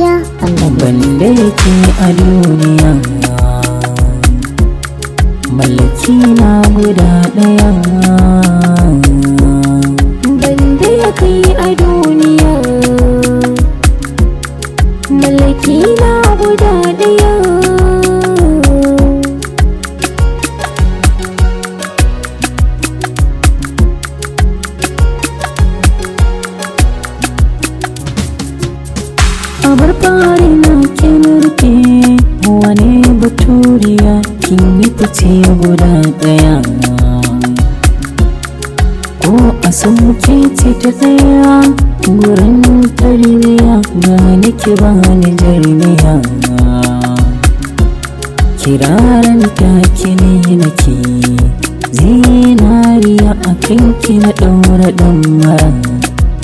Ban wanda yake a duniya mallaki na guda ɗaya banda a duniya abar fari na kirki wani baturiya kin yi fice guda daya ko a san muke ta tsaya wurin tarbiya ga nake ba ni jarmiya kiraran take ne zinariya a kanki na ɗaura ɗan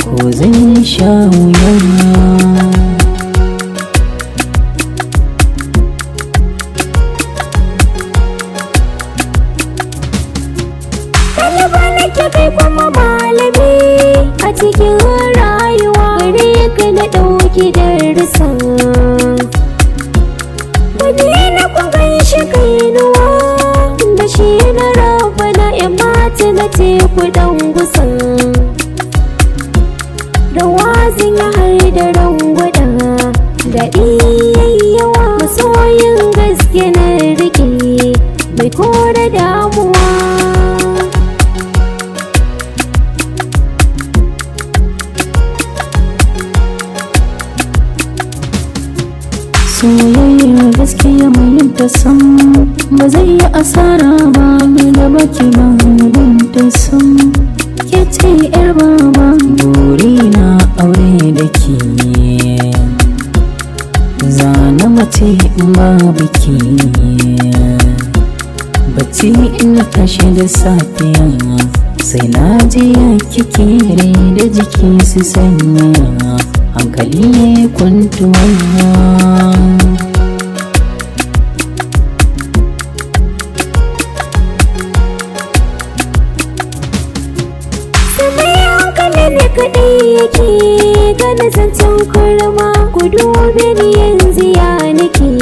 ko zan sha wuyan cikin rayuwa gare ka na ɗauki darussa wani na kwagan shi kainuwa da shi na raba na yan mata na teku dan gusa da wazin har da rangwada da iyayyawa yawa masoyin gaske na rike mai kore da soyayyar gaskiya mai yin ta san ba zai yi asara ba ni da ki ba gun ta san ke ce yar baba buri na aure da ke zana mace ba biki bacci ina tashi da safiya sai na je ya kike da jiki su sanya hankali ne kwantuwa kaɗai yake gana zancen kurma gudu ni yanzu ya nake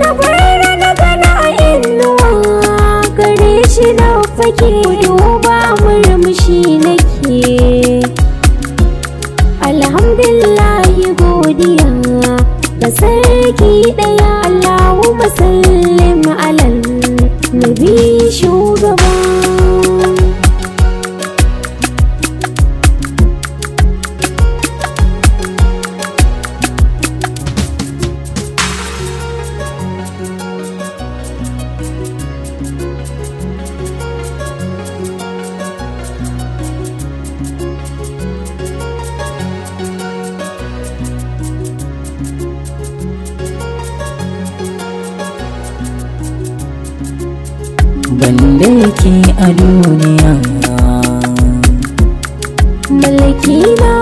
na fara na gana inuwa gare shi na fake duba murmushi nake alhamdulillahi godiya da sarki ɗaya allahumma sallim alal banda ke a duniya malaki na